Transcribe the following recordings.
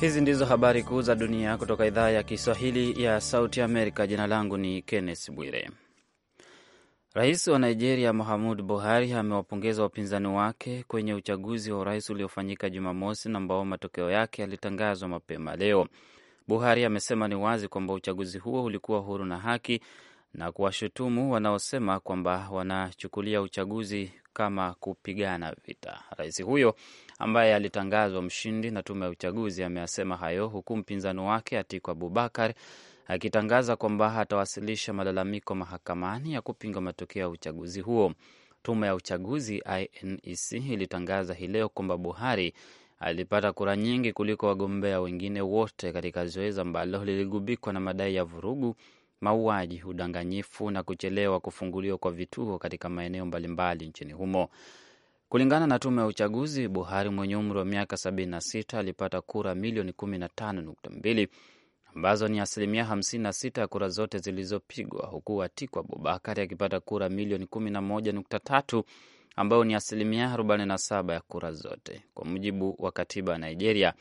Hizi ndizo habari kuu za dunia kutoka idhaa ya Kiswahili ya Sauti Amerika. Jina langu ni Kenneth Bwire. Rais wa Nigeria Muhammadu Buhari amewapongeza wapinzani wake kwenye uchaguzi wa urais uliofanyika Jumamosi na ambao matokeo yake yalitangazwa mapema leo. Buhari amesema ni wazi kwamba uchaguzi huo ulikuwa huru na haki na kuwashutumu wanaosema kwamba wanachukulia uchaguzi kama kupigana vita. Rais huyo ambaye alitangazwa mshindi na tume ya uchaguzi ameyasema hayo huku mpinzani wake Atiku Abubakar akitangaza kwamba atawasilisha malalamiko mahakamani ya kupinga matokeo ya uchaguzi huo. Tume ya uchaguzi INEC ilitangaza hii leo kwamba Buhari alipata kura nyingi kuliko wagombea wengine wote katika zoezi ambalo liligubikwa na madai ya vurugu, mauaji, udanganyifu na kuchelewa kufunguliwa kwa vituo katika maeneo mbalimbali nchini humo. Kulingana na tume ya uchaguzi, Buhari mwenye umri wa miaka 76 alipata kura milioni 15.2 ambazo ni asilimia 56 ya kura zote zilizopigwa, huku Atiku bubakari akipata kura milioni 11.3 ambayo ni asilimia 47 ya kura zote. Kwa mujibu wa katiba ya Nigeria,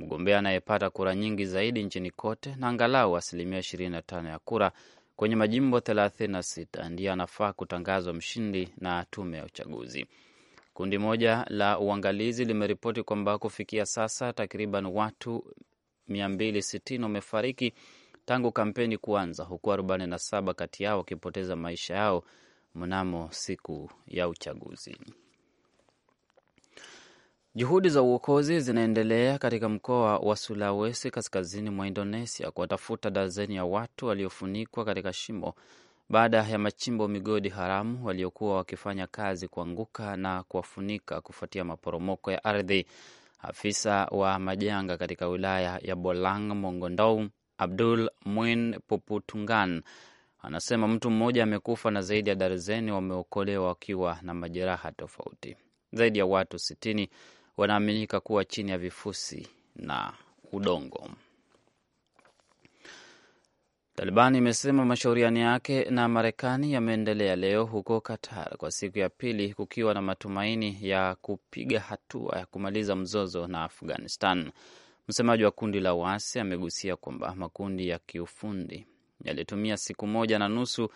mgombea anayepata kura nyingi zaidi nchini kote na angalau asilimia 25 ya kura kwenye majimbo 36 ndiye anafaa kutangazwa mshindi na tume ya uchaguzi. Kundi moja la uangalizi limeripoti kwamba kufikia sasa takriban watu 260 wamefariki tangu kampeni kuanza, huku 47 kati yao wakipoteza maisha yao mnamo siku ya uchaguzi. Juhudi za uokozi zinaendelea katika mkoa wa Sulawesi kaskazini mwa Indonesia kuwatafuta dazeni ya watu waliofunikwa katika shimo baada ya machimbo migodi haramu waliokuwa wakifanya kazi kuanguka na kuwafunika kufuatia maporomoko ya ardhi. Afisa wa majanga katika wilaya ya Bolang Mongondou, Abdul Mwin puputungan anasema mtu mmoja amekufa na zaidi ya darzeni wameokolewa wakiwa na majeraha tofauti. Zaidi ya watu sitini wanaaminika kuwa chini ya vifusi na udongo. Taliban imesema mashauriano yake na Marekani yameendelea leo huko Qatar kwa siku ya pili, kukiwa na matumaini ya kupiga hatua ya kumaliza mzozo na Afghanistan. Msemaji wa kundi la waasi amegusia kwamba makundi ya kiufundi yalitumia siku moja na nusu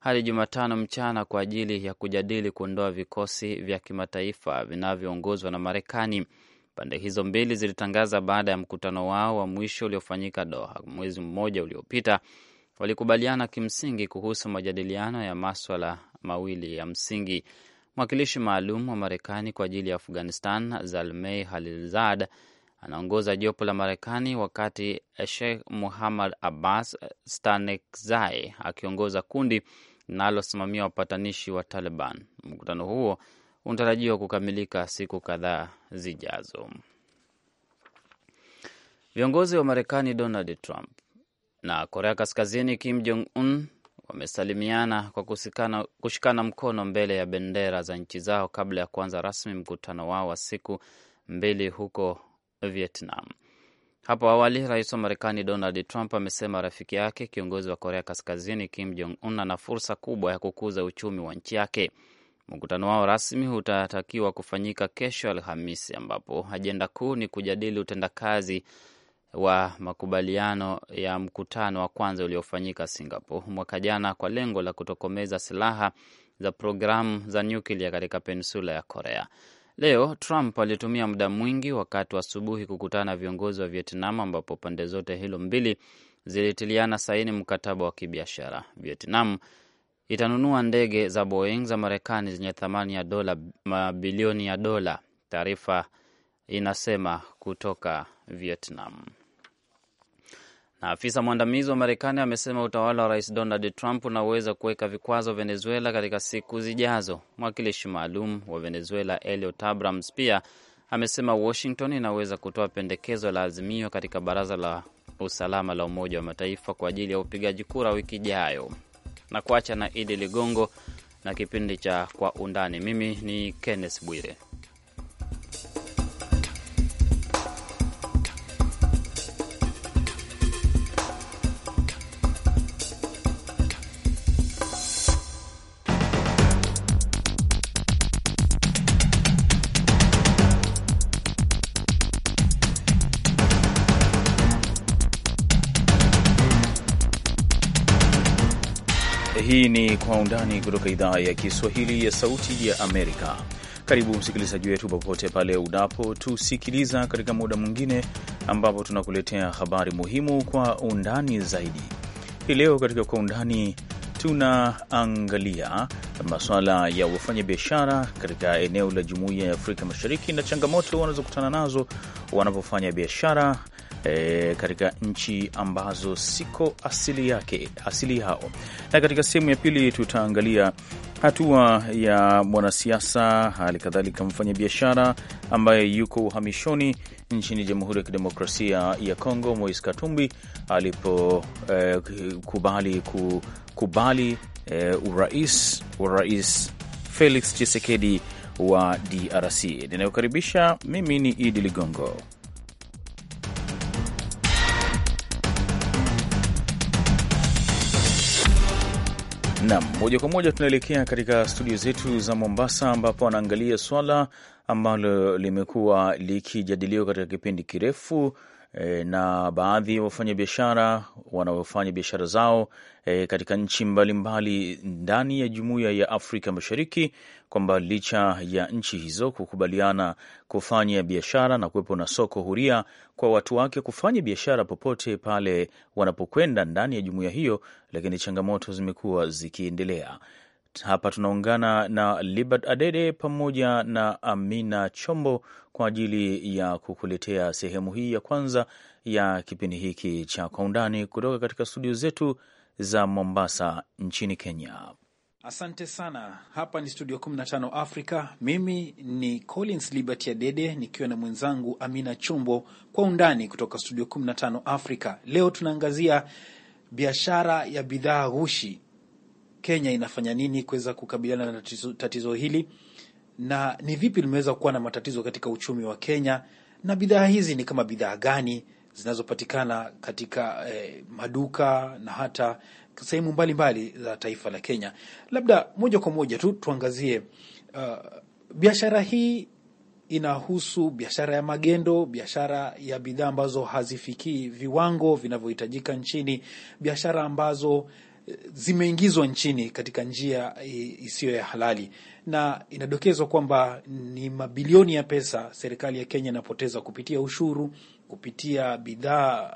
hadi Jumatano mchana kwa ajili ya kujadili kuondoa vikosi vya kimataifa vinavyoongozwa na Marekani. Pande hizo mbili zilitangaza baada ya mkutano wao wa mwisho uliofanyika Doha mwezi mmoja uliopita walikubaliana kimsingi kuhusu majadiliano ya maswala mawili ya msingi. Mwakilishi maalum wa Marekani kwa ajili ya Afghanistan, Zalmei Khalilzad, anaongoza jopo la Marekani wakati Sheikh Muhammad Abbas Stanekzai akiongoza kundi linalosimamia wapatanishi wa Taliban. Mkutano huo unatarajiwa kukamilika siku kadhaa zijazo. Viongozi wa Marekani Donald Trump na Korea Kaskazini Kim Jong Un wamesalimiana kwa kusikana, kushikana mkono mbele ya bendera za nchi zao kabla ya kuanza rasmi mkutano wao wa siku mbili huko Vietnam. Hapo awali rais wa Marekani Donald Trump amesema rafiki yake kiongozi wa Korea Kaskazini Kim Jong Un ana fursa kubwa ya kukuza uchumi wa nchi yake. Mkutano wao rasmi utatakiwa kufanyika kesho Alhamisi, ambapo ajenda kuu ni kujadili utendakazi wa makubaliano ya mkutano wa kwanza uliofanyika Singapore mwaka jana kwa lengo la kutokomeza silaha za programu za nyuklia katika peninsula ya Korea. Leo Trump alitumia muda mwingi wakati wa asubuhi kukutana na viongozi wa Vietnam, ambapo pande zote hilo mbili zilitiliana saini mkataba wa kibiashara. Vietnam itanunua ndege za Boeing za Marekani zenye thamani ya dola mabilioni ya dola, taarifa inasema kutoka Vietnam. Na afisa mwandamizi wa Marekani amesema utawala wa rais Donald Trump unaweza kuweka vikwazo Venezuela katika siku zijazo. Mwakilishi maalum wa Venezuela Eliot Abrams pia amesema Washington inaweza kutoa pendekezo la azimio katika Baraza la Usalama la Umoja wa Mataifa kwa ajili ya upigaji kura wiki ijayo. Na kuacha na Idi Ligongo na kipindi cha Kwa Undani. Mimi ni Kenneth Bwire. Hii ni Kwa Undani kutoka idhaa ya Kiswahili ya Sauti ya Amerika. Karibu msikilizaji wetu popote pale unapotusikiliza katika muda mwingine ambapo tunakuletea habari muhimu kwa undani zaidi. Hii leo katika Kwa Undani tunaangalia masuala ya wafanyabiashara katika eneo la Jumuiya ya Afrika Mashariki na changamoto wanazokutana nazo wanapofanya biashara e, katika nchi ambazo siko asili yake asili yao. Na katika sehemu ya pili tutaangalia hatua ya mwanasiasa hali kadhalika mfanyabiashara ambaye yuko uhamishoni nchini Jamhuri ya Kidemokrasia ya Kongo, Moise Katumbi alipokubali e, eh, kukubali eh, urais rais Felix Tshisekedi wa DRC. Ninayokaribisha mimi ni Idi Ligongo. Nam moja kwa moja tunaelekea katika studio zetu za Mombasa, ambapo anaangalia swala ambalo limekuwa likijadiliwa katika kipindi kirefu e, na baadhi ya wafanyabiashara wanaofanya biashara zao e, katika nchi mbalimbali ndani ya jumuiya ya Afrika Mashariki kwamba licha ya nchi hizo kukubaliana kufanya biashara na kuwepo na soko huria kwa watu wake kufanya biashara popote pale wanapokwenda ndani ya jumuiya hiyo, lakini changamoto zimekuwa zikiendelea. Hapa tunaungana na Libert Adede pamoja na Amina Chombo kwa ajili ya kukuletea sehemu hii ya kwanza ya kipindi hiki cha Kwa Undani kutoka katika studio zetu za Mombasa nchini Kenya. Asante sana. Hapa ni studio 15 Africa. Mimi ni Collins Liberty Adede nikiwa na mwenzangu Amina Chombo, kwa undani kutoka studio 15 Africa. Leo tunaangazia biashara ya bidhaa ghushi Kenya inafanya nini kuweza kukabiliana na tatizo, tatizo hili na ni vipi limeweza kuwa na matatizo katika uchumi wa Kenya na bidhaa hizi ni kama bidhaa gani zinazopatikana katika eh, maduka na hata sehemu mbalimbali za taifa la Kenya. Labda moja kwa moja tu tuangazie uh, biashara hii inahusu biashara ya magendo, biashara ya bidhaa ambazo hazifikii viwango vinavyohitajika nchini, biashara ambazo zimeingizwa nchini katika njia e, isiyo ya halali, na inadokezwa kwamba ni mabilioni ya pesa serikali ya Kenya inapoteza kupitia ushuru, kupitia bidhaa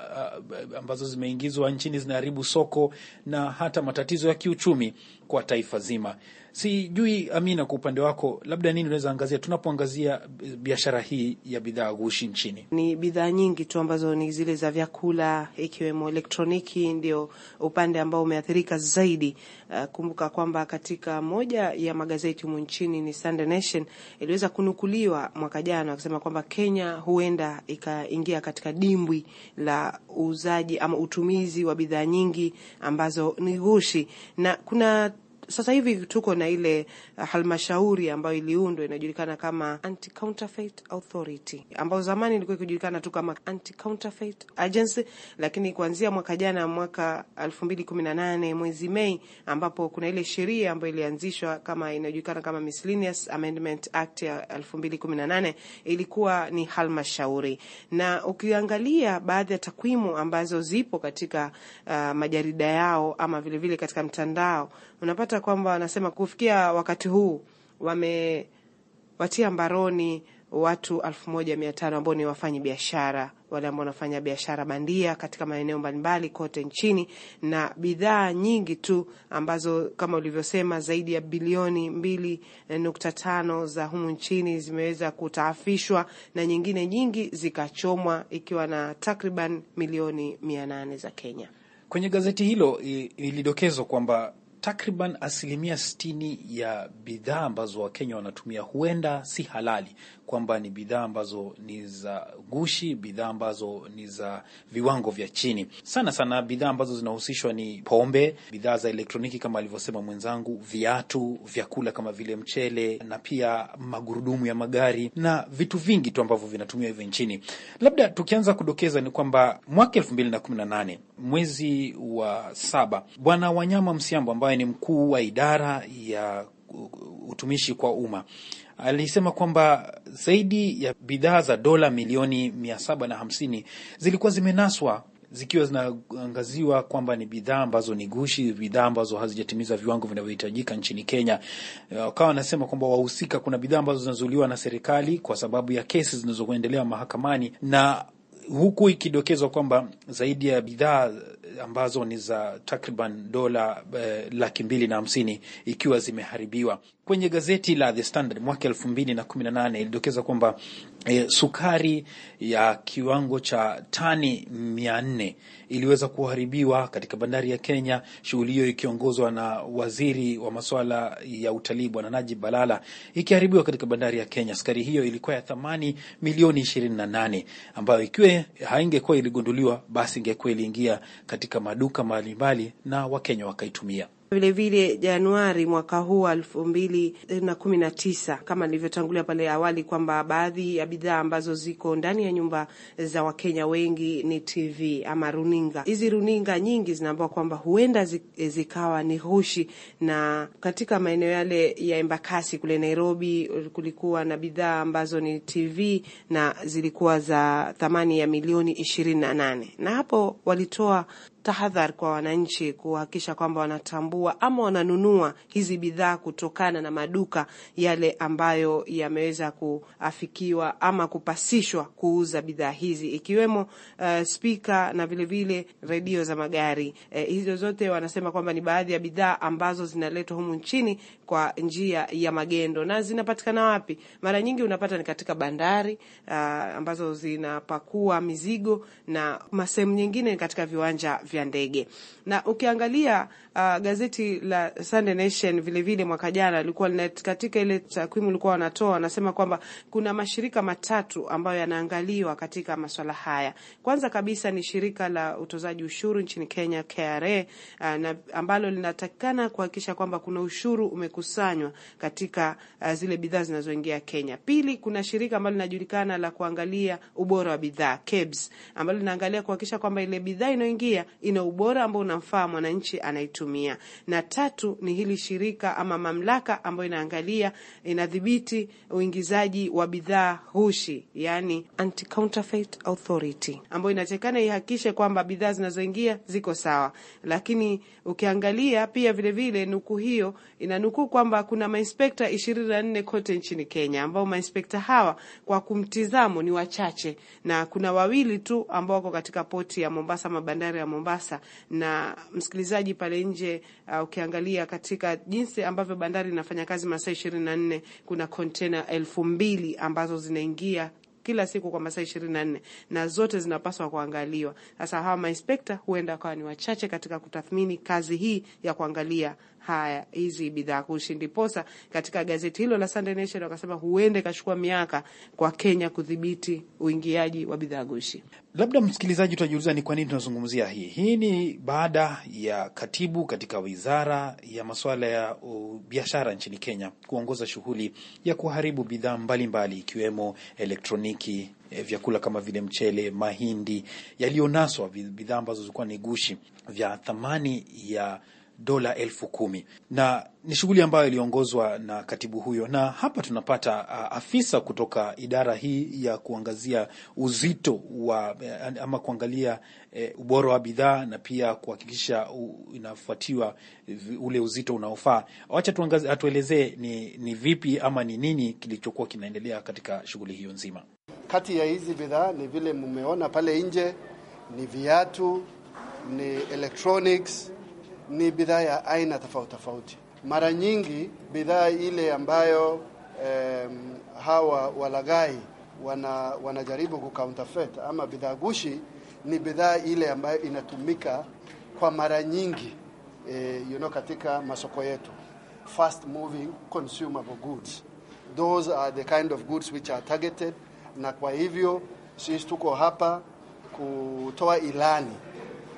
ambazo zimeingizwa nchini zinaharibu soko na hata matatizo ya kiuchumi kwa taifa zima. Sijui Amina, kwa upande wako, labda nini unaweza angazia tunapoangazia biashara hii ya bidhaa gushi nchini? Ni bidhaa nyingi tu ambazo ni zile za vyakula, ikiwemo elektroniki, ndio upande ambao umeathirika zaidi. Uh, kumbuka kwamba katika moja ya magazeti humu nchini ni Sunday Nation iliweza kunukuliwa mwaka jana wakisema kwamba Kenya huenda ikaingia katika dimbwi la uuzaji ama utumizi wa bidhaa nyingi ambazo ni gushi na kuna sasa hivi tuko na ile uh, halmashauri ambayo iliundwa inajulikana kama Anti Counterfeit Authority, ambayo zamani ilikuwa ikijulikana tu kama Anti Counterfeit Agency, lakini kuanzia mwaka jana, mwaka 2018 mwezi Mei, ambapo kuna ile sheria ambayo ilianzishwa kama inajulikana kama Miscellaneous Amendment Act ya 2018, ilikuwa ni halmashauri. Na ukiangalia baadhi ya takwimu ambazo zipo katika uh, majarida yao ama vilevile vile katika mtandao unapata kwamba anasema kufikia wakati huu wamewatia mbaroni watu elfu moja mia tano ambao ni wafanyi biashara wale ambao wanafanya biashara bandia katika maeneo mbalimbali kote nchini, na bidhaa nyingi tu ambazo kama ulivyosema zaidi ya bilioni mbili eh, nukta tano za humu nchini zimeweza kutaafishwa na nyingine nyingi zikachomwa, ikiwa na takriban milioni mia nane za Kenya. Kwenye gazeti hilo ilidokezwa kwamba takriban asilimia sitini ya bidhaa ambazo Wakenya wanatumia huenda si halali, kwamba ni bidhaa ambazo ni za gushi, bidhaa ambazo ni za viwango vya chini sana sana. Bidhaa ambazo zinahusishwa ni pombe, bidhaa za elektroniki kama alivyosema mwenzangu, viatu, vyakula kama vile mchele na pia magurudumu ya magari na vitu vingi tu ambavyo vinatumiwa hivi nchini. Labda tukianza kudokeza ni kwamba mwaka elfu mbili na kumi na nane mwezi wa saba Bwana Wanyama Msiambo ambaye ambaye ni mkuu wa idara ya utumishi kwa umma alisema kwamba zaidi ya bidhaa za dola milioni hamsini zilikuwa zimenaswa zikiwa zinaangaziwa kwamba ni bidhaa ambazo ni gushi, bidhaa ambazo hazijatimiza viwango vinavyohitajika nchini Kenya. Wakawa wanasema kwamba wahusika, kuna bidhaa ambazo zinazuliwa na serikali kwa sababu ya kesi zinazoendelea mahakamani na huku ikidokezwa kwamba zaidi ya bidhaa ambazo ni za takriban dola eh, laki mbili na hamsini ikiwa zimeharibiwa kwenye gazeti la The Standard mwaka nane ilidokeza kwamba e, sukari ya kiwango cha tani nne iliweza kuharibiwa katika bandari ya Kenya, shughuli hiyo ikiongozwa na waziri wa masuala ya utalii Bwana Najib Balala, ikiharibiwa katika bandari ya Kenya. Sukari hiyo ilikuwa ya thamani milioni nane ambayo ikiwa haingekuwa iligunduliwa, basi ingekuwa iliingia katika maduka mbalimbali na Wakenya wakaitumia. Vilevile Januari mwaka huu elfu mbili na kumi na tisa, kama nilivyotangulia pale awali kwamba baadhi ya bidhaa ambazo ziko ndani ya nyumba za Wakenya wengi ni TV ama runinga. Hizi runinga nyingi zinaambua kwamba huenda zikawa ni hushi, na katika maeneo yale ya Embakasi kule Nairobi kulikuwa na bidhaa ambazo ni TV na zilikuwa za thamani ya milioni ishirini na nane na hapo walitoa tahadhari kwa wananchi kuhakikisha kwamba wanatambua ama wananunua hizi bidhaa kutokana na maduka yale ambayo yameweza kuafikiwa ama kupasishwa kuuza bidhaa hizi ikiwemo uh, spika na vilevile redio za magari. Eh, hizo zote wanasema kwamba ni baadhi ya bidhaa ambazo zinaletwa humu nchini kwa njia ya magendo. Na zinapatikana wapi? Mara nyingi unapata ni katika bandari uh, ambazo zinapakua mizigo na masehemu nyingine ni katika viwanja vya ndege, na ukiangalia Uh, gazeti la Sunday Nation vile vile mwaka jana lilikuwa katika ile takwimu ilikuwa wanatoa wanasema kwamba kuna mashirika matatu ambayo yanaangaliwa katika masuala haya. Kwanza kabisa ni shirika la utozaji ushuru nchini Kenya KRA, uh, ah, na ambalo linatakikana kuhakikisha kwamba kuna ushuru umekusanywa katika uh, zile bidhaa zinazoingia Kenya. Pili, kuna shirika ambalo linajulikana la kuangalia ubora wa bidhaa KEBS, ambalo linaangalia kuhakikisha kwamba ile bidhaa inayoingia ina ubora ambao unamfaa mwananchi anaitu wanaotumia, na tatu ni hili shirika ama mamlaka ambayo inaangalia inadhibiti uingizaji wa bidhaa hushi, yani Anti Counterfeit Authority, ambayo inatakikana ihakikishe kwamba bidhaa zinazoingia ziko sawa. Lakini ukiangalia pia vilevile nuku hiyo inanukuu kwamba kuna mainspekta ishirini na nne kote nchini Kenya, ambao mainspekta hawa kwa kumtizamo ni wachache, na kuna wawili tu ambao wako katika poti ya Mombasa, ama bandari ya Mombasa, na msikilizaji pale nje. Uh, ukiangalia katika jinsi ambavyo bandari inafanya kazi masaa ishirini na nne kuna kontena elfu mbili ambazo zinaingia kila siku kwa masaa ishirini na nne na zote zinapaswa kuangaliwa. Sasa hawa mainspekta huenda wakawa ni wachache katika kutathmini kazi hii ya kuangalia haya hizi bidhaa kushi. Ndiposa katika gazeti hilo la Sunday Nation wakasema huenda ikachukua miaka kwa Kenya kudhibiti uingiaji wa bidhaa gushi. Labda msikilizaji, utajiuliza ni kwa nini tunazungumzia hii. Hii ni baada ya katibu katika wizara ya masuala ya biashara nchini Kenya kuongoza shughuli ya kuharibu bidhaa mbalimbali ikiwemo elektroniki organiki e, vyakula kama vile mchele, mahindi yaliyonaswa, bidhaa ambazo zilikuwa ni gushi vya thamani ya dola elfu kumi na ni shughuli ambayo iliongozwa na katibu huyo, na hapa tunapata afisa kutoka idara hii ya kuangazia uzito wa e, ama kuangalia uh, ubora wa bidhaa na pia kuhakikisha inafuatiwa ule uzito unaofaa. Wacha atuelezee ni, ni vipi ama ni nini kilichokuwa kinaendelea katika shughuli hiyo nzima. Kati ya hizi bidhaa ni vile mmeona pale nje, ni viatu, ni electronics ni bidhaa ya aina tofauti tofauti. Mara nyingi bidhaa ile ambayo um, hawa walaghai wana, wanajaribu kukauntafet ama bidhaa gushi ni bidhaa ile ambayo inatumika kwa mara nyingi e, you know, katika masoko yetu fast moving consumable goods, those are the kind of goods which are targeted, na kwa hivyo sisi tuko hapa kutoa ilani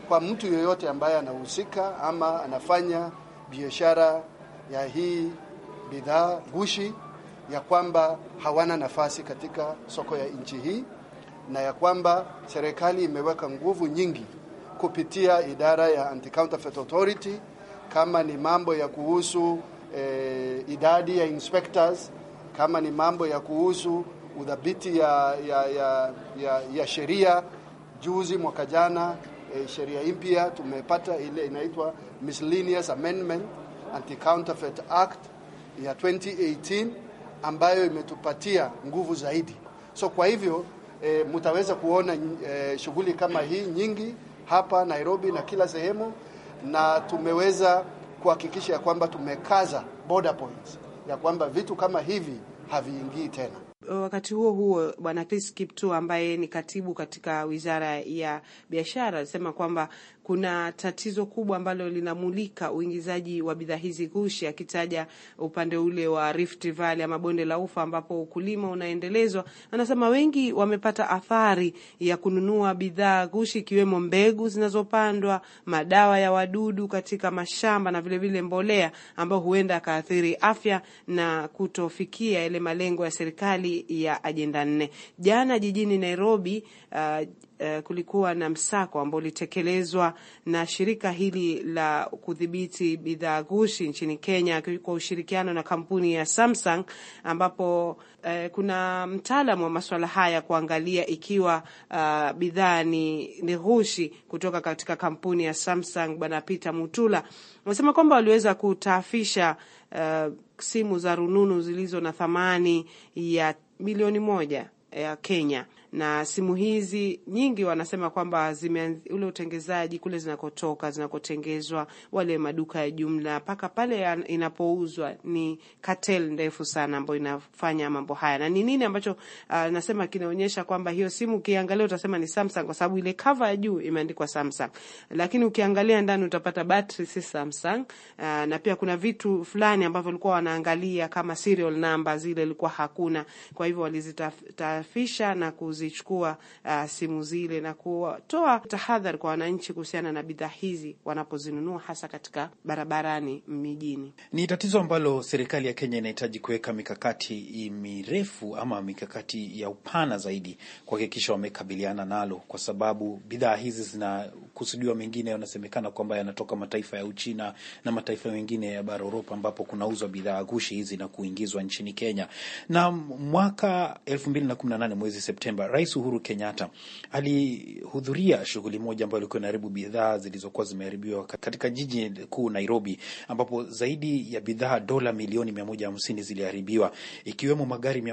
kwa mtu yoyote ambaye anahusika ama anafanya biashara ya hii bidhaa gushi ya kwamba hawana nafasi katika soko ya nchi hii na ya kwamba serikali imeweka nguvu nyingi kupitia idara ya Anti-Counterfeit Authority kama ni mambo ya kuhusu eh, idadi ya inspectors, kama ni mambo ya kuhusu udhabiti ya, ya, ya, ya, ya sheria. Juzi mwaka jana e, sheria mpya tumepata ile inaitwa Miscellaneous Amendment Anti Counterfeit Act ya 2018 ambayo imetupatia nguvu zaidi. So kwa hivyo e, eh, mtaweza kuona e, shughuli kama hii nyingi hapa Nairobi na kila sehemu, na tumeweza kuhakikisha ya kwamba tumekaza border points ya kwamba vitu kama hivi haviingii tena. Eh, wakati huo huo, bwana Chris Kiptoo ambaye ni katibu katika wizara ya biashara alisema kwamba kuna tatizo kubwa ambalo linamulika uingizaji wa bidhaa hizi ghushi, akitaja upande ule wa Rift Valley ama bonde la Ufa ambapo ukulima unaendelezwa. Anasema wengi wamepata athari ya kununua bidhaa ghushi, ikiwemo mbegu zinazopandwa, madawa ya wadudu katika mashamba na vilevile vile mbolea, ambao huenda akaathiri afya na kutofikia yale malengo ya serikali ya ajenda nne. Jana jijini Nairobi uh, Eh, kulikuwa na msako ambao ulitekelezwa na shirika hili la kudhibiti bidhaa gushi nchini Kenya kwa ushirikiano na kampuni ya Samsung, ambapo eh, kuna mtaalamu wa masuala haya kuangalia ikiwa uh, bidhaa ni, ni gushi kutoka katika kampuni ya Samsung. Bwana Peter Mutula amesema kwamba waliweza kutaafisha uh, simu za rununu zilizo na thamani ya milioni moja ya Kenya na simu hizi nyingi wanasema kwamba zime ule utengezaji kule zinakotoka zinakotengezwa wale maduka ya jumla mpaka pale inapouzwa ni katel ndefu sana ambayo inafanya mambo haya. Na ni nini ambacho uh, nasema kinaonyesha kwamba hiyo simu ukiangalia utasema ni Samsung kwa sababu ile cover ya juu imeandikwa Samsung, lakini ukiangalia ndani utapata battery si Samsung. Uh, na pia kuna vitu fulani ambavyo walikuwa wanaangalia kama serial number zile ilikuwa hakuna, kwa hivyo walizitafisha na kuzi kuzichukua uh, simu zile na kutoa tahadhari kwa wananchi kuhusiana na bidhaa hizi wanapozinunua hasa katika barabarani mijini. Ni tatizo ambalo serikali ya Kenya inahitaji kuweka mikakati mirefu ama mikakati ya upana zaidi kuhakikisha wamekabiliana nalo, kwa sababu bidhaa hizi zinakusudiwa, mengine yanasemekana kwamba yanatoka mataifa ya Uchina na mataifa mengine ya bara Uropa, ambapo kunauzwa bidhaa ghushi hizi na kuingizwa nchini Kenya. Na mwaka 2018 mwezi Septemba Rais Uhuru Kenyatta alihudhuria shughuli moja ambayo ilikuwa inaharibu bidhaa zilizokuwa zimeharibiwa katika jiji kuu Nairobi, ambapo zaidi ya bidhaa dola milioni hamsini ziliharibiwa ikiwemo magari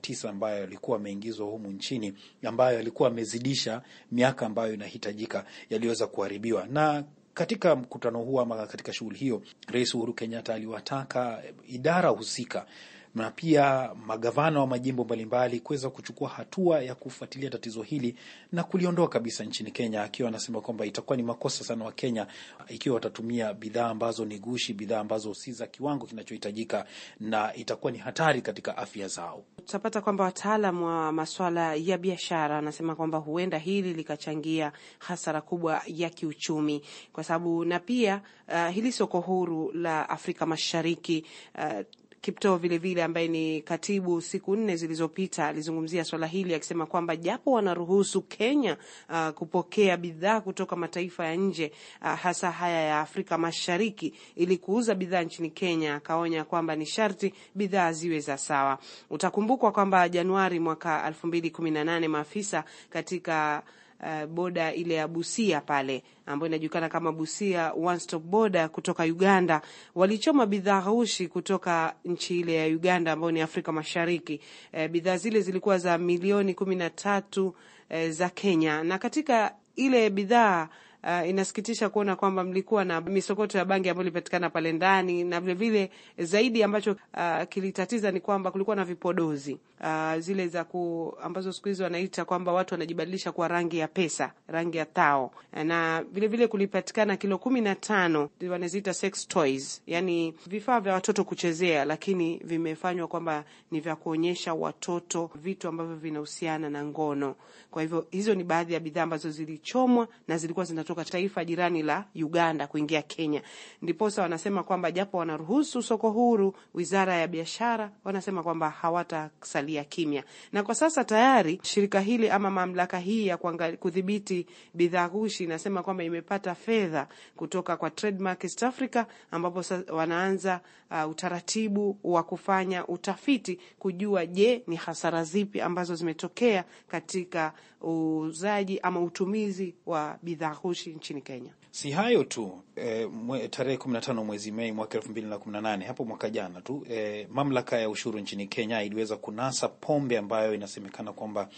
tisa ambayo yalikuwa yameingizwa humu nchini ambayo yalikuwa yamezidisha miaka ambayo inahitajika yaliweza kuharibiwa na katika mkutano huo ama katika shughuli hiyo, Rais Uhuru Kenyatta aliwataka idara husika na pia magavana wa majimbo mbalimbali kuweza kuchukua hatua ya kufuatilia tatizo hili na kuliondoa kabisa nchini Kenya, akiwa anasema kwamba itakuwa ni makosa sana wa Kenya ikiwa watatumia bidhaa ambazo ni gushi, bidhaa ambazo si za kiwango kinachohitajika, na itakuwa ni hatari katika afya zao. Tutapata kwamba wataalam wa masuala ya biashara wanasema kwamba huenda hili likachangia hasara kubwa ya kiuchumi, kwa sababu na pia uh, hili soko huru la Afrika Mashariki uh, kipto vilevile ambaye ni katibu, siku nne zilizopita alizungumzia swala hili akisema kwamba japo wanaruhusu Kenya uh, kupokea bidhaa kutoka mataifa ya nje uh, hasa haya ya Afrika Mashariki ili kuuza bidhaa nchini Kenya, akaonya kwamba ni sharti bidhaa ziwe za sawa. Utakumbukwa kwamba Januari mwaka 2018 maafisa katika uh, boda ile ya Busia pale ambayo inajulikana kama Busia One Stop Boda kutoka Uganda, walichoma bidhaa ghushi kutoka nchi ile ya Uganda ambayo ni Afrika Mashariki. E, bidhaa zile zilikuwa za milioni kumi na tatu eh, za Kenya na katika ile bidhaa Uh, inasikitisha kuona kwamba mlikuwa na misokoto ya bangi ambayo ilipatikana pale ndani, na vilevile zaidi ambacho uh, kilitatiza ni kwamba kulikuwa na vipodozi uh, zile za ku ambazo siku hizi wanaita kwamba watu wanajibadilisha kwa rangi ya pesa, rangi ya tao, na vilevile kulipatikana kilo kumi na tano wanaziita sex toys, yani vifaa vya watoto kuchezea, lakini vimefanywa kwamba ni vya kuonyesha watoto vitu ambavyo vinahusiana na ngono. Kwa hivyo hizo ni baadhi ya bidhaa ambazo zilichomwa na zilikuwa zina kutoka taifa jirani la Uganda kuingia Kenya. Ndiposa wanasema kwamba japo wanaruhusu soko huru, wizara ya biashara wanasema kwamba hawatasalia kimya, na kwa sasa tayari shirika hili ama mamlaka hii ya kudhibiti bidhaa ghushi inasema kwamba imepata fedha kutoka kwa Trademark East Africa, ambapo wanaanza uh, utaratibu wa kufanya utafiti kujua, je, ni hasara zipi ambazo zimetokea katika uuzaji ama utumizi wa bidhaa ghushi kijeshi nchini Kenya. Si hayo tu eh, tarehe 15 mwezi Mei mwaka nane hapo mwaka jana tu eh, mamlaka ya ushuru nchini Kenya iliweza kunasa pombe ambayo inasemekana kwamba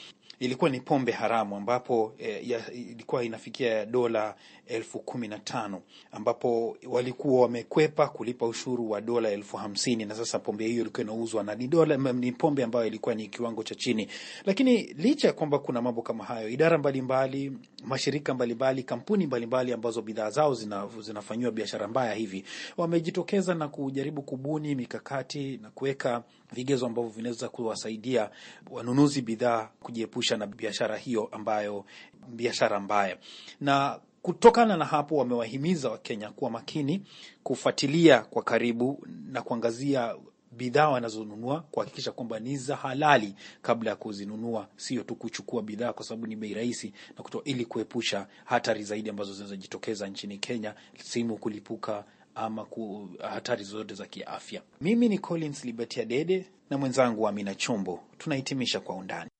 ilikuwa ni pombe haramu ambapo eh, ya, ilikuwa inafikia dola elfu kumi na tano ambapo walikuwa wamekwepa kulipa ushuru wa dola elfu hamsini na sasa pombe hiyo ilikuwa inauzwa na ni dola ni pombe ambayo ilikuwa ni kiwango cha chini. Lakini licha ya kwamba kuna mambo kama hayo, idara mbalimbali mbali, mashirika mbalimbali mbali, kampuni mbalimbali mbali ambazo bidhaa zao zina, zinafanyiwa biashara mbaya hivi wamejitokeza na kujaribu kubuni mikakati na kuweka vigezo ambavyo vinaweza kuwasaidia wanunuzi bidhaa kujiepusha na biashara hiyo ambayo biashara mbaya na Kutokana na hapo, wamewahimiza Wakenya kuwa makini, kufuatilia kwa karibu na kuangazia bidhaa wanazonunua kuhakikisha kwamba ni za halali kabla ya kuzinunua, sio tu kuchukua bidhaa kwa sababu ni bei rahisi na kutoa, ili kuepusha hatari zaidi ambazo zinazojitokeza nchini Kenya, simu kulipuka ama ku, hatari zozote za kiafya. Mimi ni Collins Libertia Dede na mwenzangu Amina Chombo, tunahitimisha kwa undani.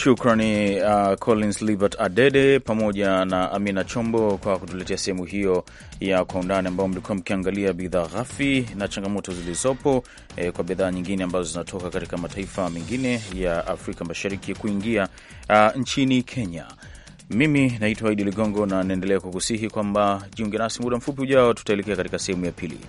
Shukrani uh, Collins Libert Adede pamoja na Amina Chombo kwa kutuletea sehemu hiyo ya Kwa Undani, ambao mlikuwa mkiangalia bidhaa ghafi na changamoto zilizopo eh, kwa bidhaa nyingine ambazo zinatoka katika mataifa mengine ya Afrika Mashariki kuingia uh, nchini Kenya. Mimi naitwa Idi Ligongo na naendelea kukusihi kwamba jiunge nasi muda mfupi ujao, tutaelekea katika sehemu ya pili.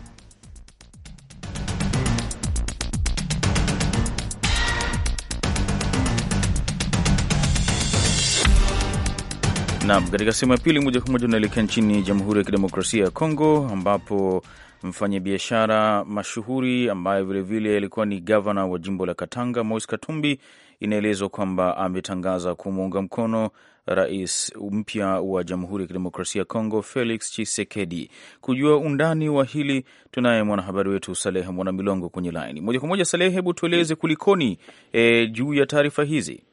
Naam, katika sehemu ya pili, moja kwa moja unaelekea nchini Jamhuri ya Kidemokrasia ya Kongo ambapo mfanyabiashara mashuhuri ambaye vilevile alikuwa ni gavana wa jimbo la Katanga mois Katumbi, inaelezwa kwamba ametangaza kumuunga mkono rais mpya wa Jamhuri ya Kidemokrasia ya Kongo Felix chisekedi Kujua undani wa hili tunaye mwanahabari wetu Salehe Mwanamilongo kwenye laini moja kwa moja. Salehe, hebu tueleze kulikoni e, juu ya taarifa hizi.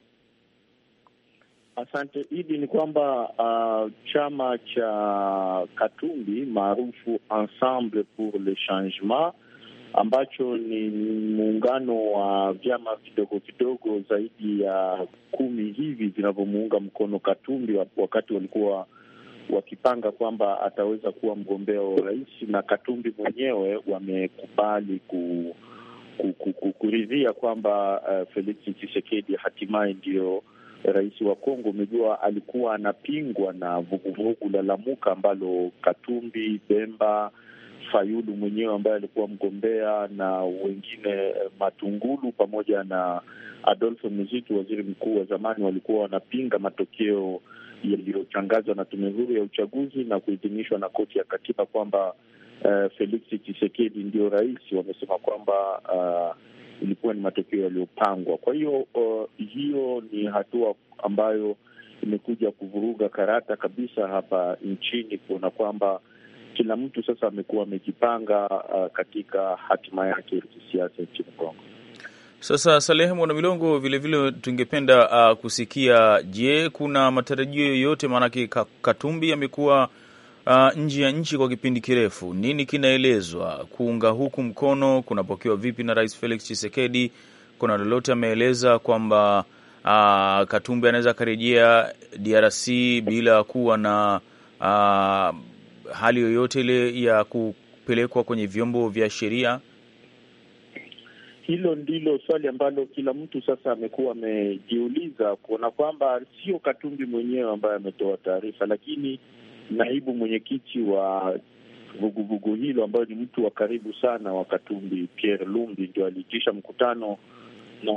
Asante Idi. Ni kwamba uh, chama cha Katumbi maarufu Ensemble pour le Changement ambacho ni muungano wa vyama vidogo vidogo zaidi ya kumi hivi vinavyomuunga mkono Katumbi wakati walikuwa wakipanga kwamba ataweza kuwa mgombea wa urais na Katumbi mwenyewe wamekubali ku, ku, ku, ku, kuridhia kwamba uh, Felix Tshisekedi hatimaye ndiyo rais wa Kongo, umejua alikuwa anapingwa na vuguvugu la Lamuka ambalo Katumbi, Bemba, Fayulu mwenyewe ambaye alikuwa mgombea na wengine eh, Matungulu pamoja na Adolfo Muzitu, waziri mkuu wa zamani, walikuwa wanapinga matokeo yaliyotangazwa na tume huru ya uchaguzi na kuidhinishwa na koti ya katiba kwamba uh, Felix Chisekedi ndio rais. Wamesema kwamba uh, ilikuwa ni matokeo yaliyopangwa. Kwa hiyo uh, hiyo ni hatua ambayo imekuja kuvuruga karata kabisa hapa nchini kuona kwamba kila mtu sasa amekuwa amejipanga uh, katika hatima yake ya kisiasa nchini Kongo. Sasa Salehe Mwana Milongo, vilevile tungependa uh, kusikia, je, kuna matarajio yoyote? Maanake Katumbi amekuwa uh, nje ya nchi kwa kipindi kirefu. Nini kinaelezwa? Kuunga huku mkono kunapokewa vipi na Rais Felix Tshisekedi? Kuna lolote ameeleza kwamba uh, Katumbi anaweza akarejea DRC bila kuwa na uh, hali yoyote ile ya kupelekwa kwenye vyombo vya sheria? Hilo ndilo swali ambalo kila mtu sasa amekuwa amejiuliza, kuona kwamba sio Katumbi mwenyewe ambaye ametoa taarifa, lakini naibu mwenyekiti wa vuguvugu hilo ambayo ni mtu wa karibu sana wa Katumbi, Pierre Lumbi, ndio aliitisha mkutano na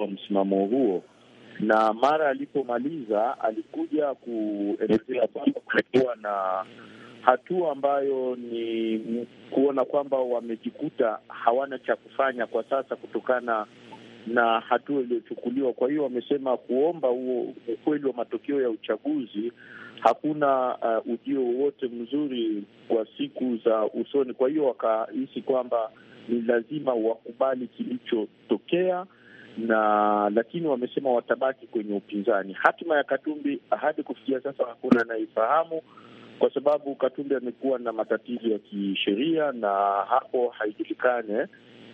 wa msimamo huo, na mara alipomaliza alikuja kuelezea kwamba kulikuwa na hatua ambayo ni kuona kwamba wamejikuta hawana cha kufanya kwa sasa kutokana na hatua iliyochukuliwa. Kwa hiyo wamesema kuomba huo ukweli wa matokeo ya uchaguzi hakuna uh, ujio wowote mzuri kwa siku za usoni. Kwa hiyo wakahisi kwamba ni lazima wakubali kilichotokea na lakini wamesema watabaki kwenye upinzani. Hatima ya Katumbi hadi kufikia sasa hakuna anayefahamu kwa sababu Katumbi amekuwa na matatizo ya kisheria na hapo haijulikane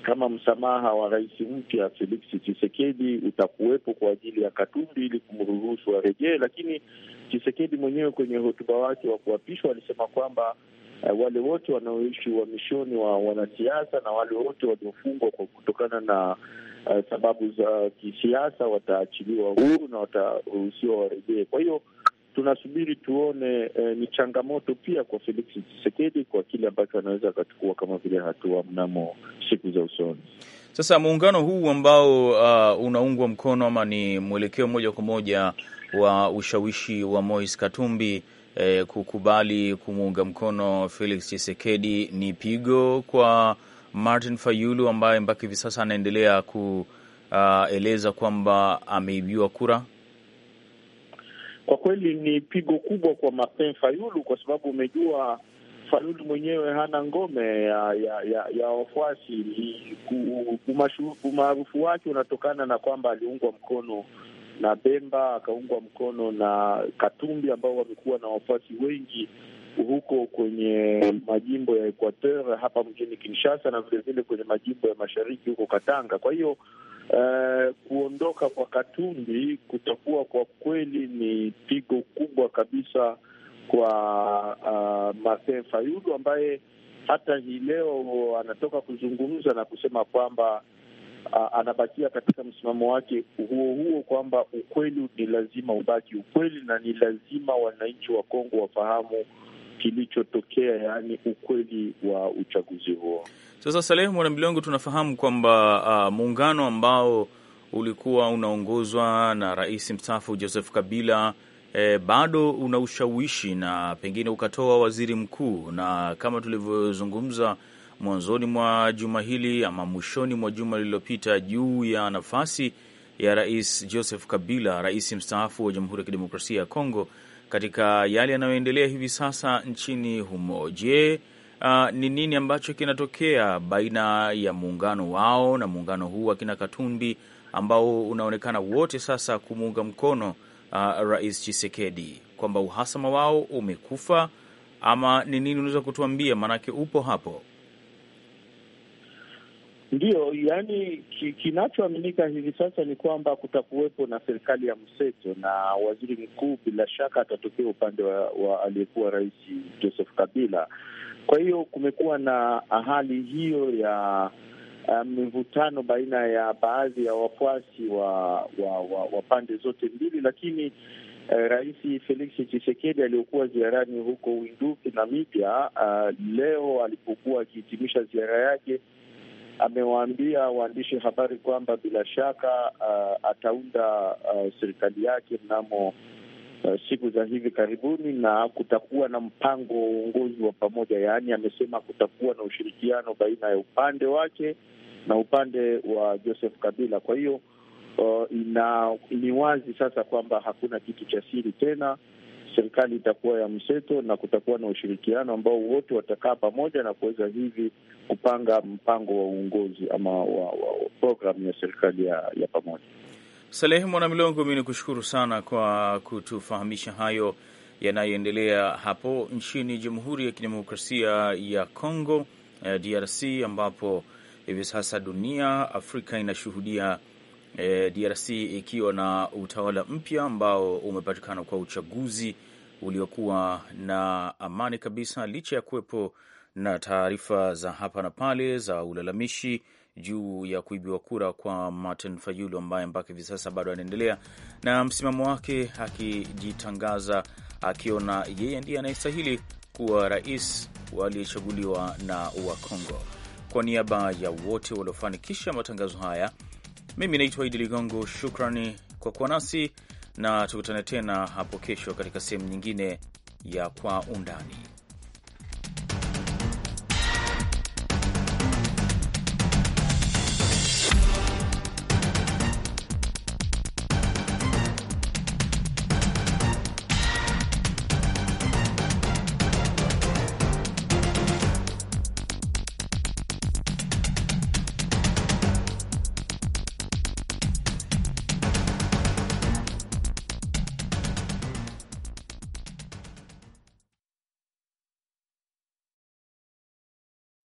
kama msamaha wa rais mpya Felix chisekedi utakuwepo kwa ajili ya Katumbi ili kumruhusu arejee. Lakini chisekedi mwenyewe kwenye hotuba wake wa kuapishwa alisema kwamba uh, wale wote wanaoishi uhamishoni wa, wa wanasiasa na wale wote waliofungwa kwa kutokana na uh, sababu za kisiasa wataachiliwa huru na wataruhusiwa warejee. Kwa hiyo tunasubiri tuone E, ni changamoto pia kwa Felix chisekedi kwa kile ambacho anaweza akachukua kama vile hatua mnamo siku za usoni. Sasa muungano huu ambao uh, unaungwa mkono ama ni mwelekeo moja kwa moja wa ushawishi wa Moise Katumbi eh, kukubali kumuunga mkono Felix chisekedi ni pigo kwa Martin Fayulu ambaye mpaka hivi sasa anaendelea kueleza uh, kwamba ameibiwa kura. Kwa kweli ni pigo kubwa kwa Martin Fayulu, kwa sababu umejua Fayulu mwenyewe hana ngome ya ya, ya, ya wafuasi. Umaarufu wake unatokana na kwamba aliungwa mkono na Bemba akaungwa mkono na Katumbi ambao wamekuwa na wafuasi wengi huko kwenye majimbo ya Equateur hapa mjini Kinshasa na vilevile kwenye majimbo ya mashariki huko Katanga. Kwa hiyo Uh, kuondoka kwa Katumbi kutakuwa kwa kweli ni pigo kubwa kabisa kwa uh, Martin Fayulu ambaye hata hii leo anatoka kuzungumza na kusema kwamba uh, anabakia katika msimamo wake huo huo kwamba ukweli ni lazima ubaki ukweli, na ni lazima wananchi wa Kongo wafahamu kilichotokea, yaani ukweli wa uchaguzi huo. Sasa Salehe Mwanamilongo, tunafahamu kwamba uh, muungano ambao ulikuwa unaongozwa na rais mstaafu Joseph Kabila E, bado una ushawishi na pengine ukatoa waziri mkuu, na kama tulivyozungumza mwanzoni mwa juma hili ama mwishoni mwa juma lililopita juu ya nafasi ya Rais Joseph Kabila, rais mstaafu wa Jamhuri ya Kidemokrasia ya Kongo, katika yale yanayoendelea hivi sasa nchini humo. Je, uh, ni nini ambacho kinatokea baina ya muungano wao na muungano huu wa kina Katumbi ambao unaonekana wote sasa kumuunga mkono uh, Rais Chisekedi, kwamba uhasama wao umekufa ama ni nini? Unaweza kutuambia, maanake upo hapo. Ndiyo, yani kinachoaminika hivi sasa ni kwamba kutakuwepo na serikali ya mseto, na waziri mkuu bila shaka atatokea upande wa, wa aliyekuwa rais Joseph Kabila. Kwa hiyo kumekuwa na hali hiyo ya um, mivutano um, baina ya baadhi ya wafuasi wa, wa, wa, wa pande zote mbili, lakini Uh, Rais Felix Tshisekedi aliyokuwa ziarani huko Uinduki, Namibia, uh, leo alipokuwa akihitimisha ziara yake amewaambia waandishi habari kwamba bila shaka uh, ataunda uh, serikali yake mnamo uh, siku za hivi karibuni, na kutakuwa na mpango wa uongozi wa pamoja. Yaani amesema kutakuwa na ushirikiano baina ya upande wake na upande wa Joseph Kabila. Kwa hiyo uh, ina ni wazi sasa kwamba hakuna kitu cha siri tena serikali itakuwa ya mseto na kutakuwa na ushirikiano ambao wote watakaa pamoja na kuweza hivi kupanga mpango wa uongozi ama wa, wa, wa programu ya serikali ya, ya pamoja. Salehe Mwanamilongo, mi ni kushukuru sana kwa kutufahamisha hayo yanayoendelea hapo nchini Jamhuri ya Kidemokrasia ya eh, DRC, ambapo hivi sasa dunia, Afrika inashuhudia eh, DRC ikiwa na utawala mpya ambao umepatikana kwa uchaguzi uliokuwa na amani kabisa, licha ya kuwepo na taarifa za hapa na pale za ulalamishi juu ya kuibiwa kura kwa Martin Fayulu ambaye mpaka hivi sasa bado anaendelea na msimamo wake, akijitangaza akiona yeye ndiye anayestahili kuwa rais aliyechaguliwa na Wakongo. Kwa niaba ya wote waliofanikisha matangazo haya, mimi naitwa Idi Ligongo. Shukrani kwa kuwa nasi na tukutane tena hapo kesho katika sehemu nyingine ya Kwa Undani.